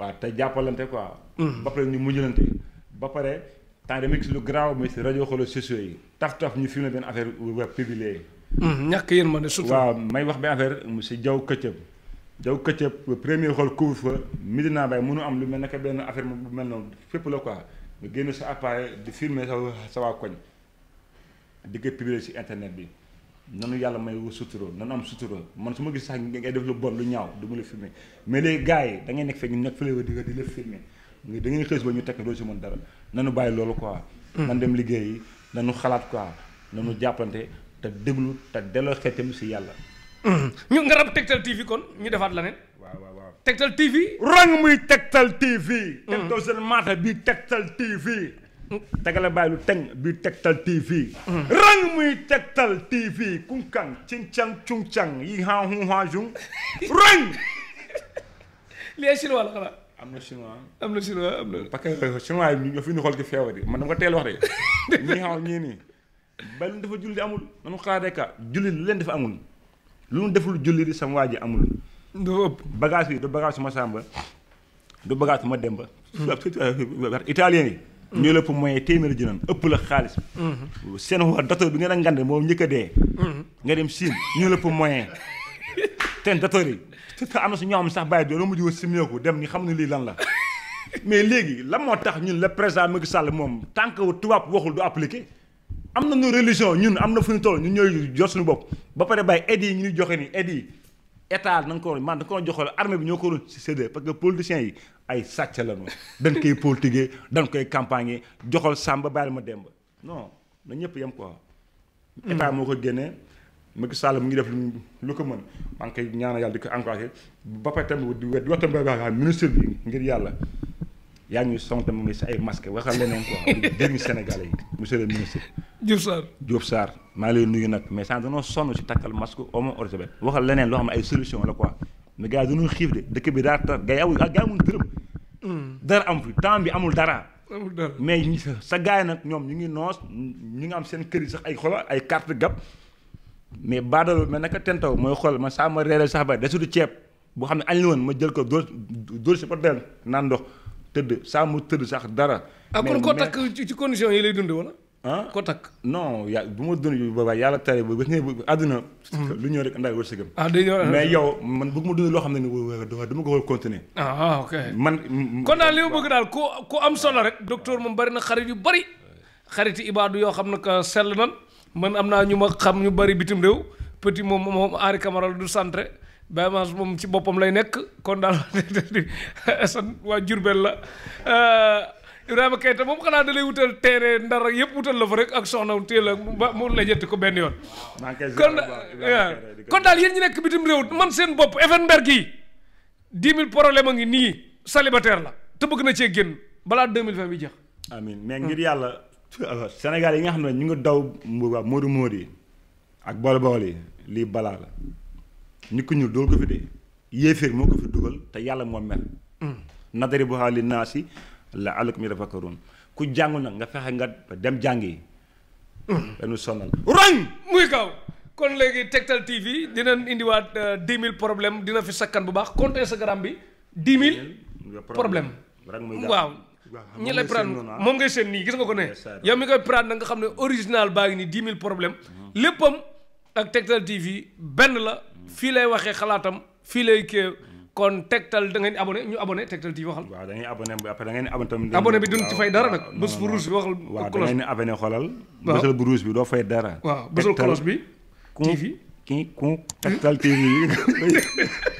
waaw te jàppalante quoi. Mm. ba mu ñu mujjlante ba pare temps dama gis lu garaaw mais si rajo xoolal sociaux yi taf taf ñu filmé benn affaire web publié. Mm, ñàkk yéen ma ne surtout. waaw may wax benn affaire monsieur jaw Këccëb jaw Këccëb premier xool couvre-feu naa Baye munu am lu mel naka benn affaire bu mel noonu fépp la quoi nga génn sa appareil di filmer sa sa waa koñ di ko publier si internet bi. nanu yàlla may wu suturoo nanu am suturoo man su ma gis sax ngay def lu bon lu ñaaw du ma la filmé mais les gars yi da ngay nekk fekk ñu nekk fële di di la filmé da ngay xës ba ñu teg doo si mën dara nanu bàyyi loolu quoi hmm. nan dem liggéeyi nanu xalaat quoi nanu jàppante te déglu te delloo xeetam si yàlla hmm. ñu nga rab Tektal TV kon ñu defaat la neen waaw waaw waaw Tektal TV rang muy Tektal TV hmm. maata bi Tektal TV tagala bàyyi lu teng bi Tektal TV rang muy Tektal TV kunkang cincang cungcang yi ha hu ha jung rang li ay chinois la xanaa am na chinois am na chinois am na parce que chinois yi ñoo fi ñu man dama ko teel wax de dafa julli di amul nanu xalaat rek julli lu leen def amul lu nu deful julli di sama waa ji amul dafa ëpp yi du bagage su ma sàmba du bagage su demba italien yi ñoo lépp moyen téeméer jënan ëpp la xaalis mhm. seen wa docteur bi ngeen a ngand moom njëkk dee mhm. nga dem Chine ñoo lépp moyen ten docteur yi te am na su ñoo am sax bàyyi doon mujj wa ko dem ni xam ne lii lan la mais léegi lan moo tax ñun le président Macky Sall moom tant que tubaab waxul du appliqué am na ñu religion ñun am na fu ñu toll ñu ñëw jot suñu bopp ba pare bàyyi aide yi ñu joxe ni aide yi état na nga man da ko joxoon armée bi ñoo ko doon séddee parce que politiciens yi ay sàcc la ñu dañ koy politiquer dañ koy campagner joxol Samba bàyyi ma demb non na ñëpp yem quoi. Mm. état moo ko génnee Macky Sall mu ngi def lu ko mën maa ngi koy ñaanal yàlla di ko encouragé ba pare tamit di wax tamit ministre bi ngir yàlla. yaa ngi ñu sonk tamit si ay masque waxal leneen quoi jëriñu Sénégalais yi monsieur le ministre. Diouf Sarr Diouf Sarr maa ngi nuyu nag mais sax danoo sonn si takkal masque omo ortobel waxal leneen loo xam ne ay solution la quoi mais de dëkk bi daa tar gars yi amul ah, gars amul hmm. am temps bi amul dara. amul dara mais sa gars yi nag ñoom ñu ngi noos ñu ngi am seen kër yi sax ay xola ay carte gab mais baadalo mais naka tentaw mooy xool ma saa ma reere sax ba desutu ceeb boo xam ne añ la woon ma jël ko dóor dóor si ba dellu naan tëdd saa mu tëdd sax dara. Ah, mais mais kon koo takk ci condition yi lay dund wala. ah koo takk. non ya bu ma dund ba yàlla tere ba gis nga àdduna. Hmm. lu ñëw rek ndax wërsëgam. ah mais yow man bëgg ma dund loo xam ne nii dama ko a continuer. ah ok man. kon daal li ma bëgg daal ku ko am solo rek. docteur moom bari na xarit yu bari. xariti ibaadu yoo xam ne que sell nan man am naa ñu ma xam ñu bari bitim réew petit moom moom Henri Camara du centre. Baye Manche moom ci boppam lay nekk kon daal waa Jurbel la euh, Ibrahima Keita moom xanaa da lay wutal teere ndar ak yëpp wutal la fa rek ak soxna téel ak mu la jetti ko benn yoon kon kon daal yéen ñi nekk bitim réew man seen bopp Effenberg yi dix mille problème a ngi nii célibataire la te bëgg na cee génn balaa deux mille vingt bi jeex amin mais ngir yàlla Sénégal yi nga xam ne ñu ngi daw Modou Modou yi ak bool bool yi lii balaa la nit ku ñuul dool ko fi de yéeféer moo ko fi dugal te yàlla moo mer mm. nadari bu xaali naa si la ko yatafakkarun ku jàngu nag nga fexe nga dem jàngi mm. dañu sonal roñ muy kaw kon léegi Tektal TV dinañ indiwaat euh, dix mille problème dina fi sakkan bu baax compte Instagram bi dix mille problème waaw ñi lay prendre ah. moom ngay seen nii gis nga ko ne yow mi koy prendre nga xam ne original baa ngi nii dix mille problème mm-hmm. léppam ak Tektal TV benn la fii lay waxee xalaatam fii lay kii kon Tektal da ngeen abonné ñu abonné Tektal TV waxal. waaw da ngeen abonné da ngeen abonné tamit. abonné bi duñ ci fay dara nag. bés bu rouge bi waxal. waaw da ngeen abonné xoolal. waaw bésal bu rouge bi doo fay dara. waaw bésal cloche bi. TV kii ku Tektal TV.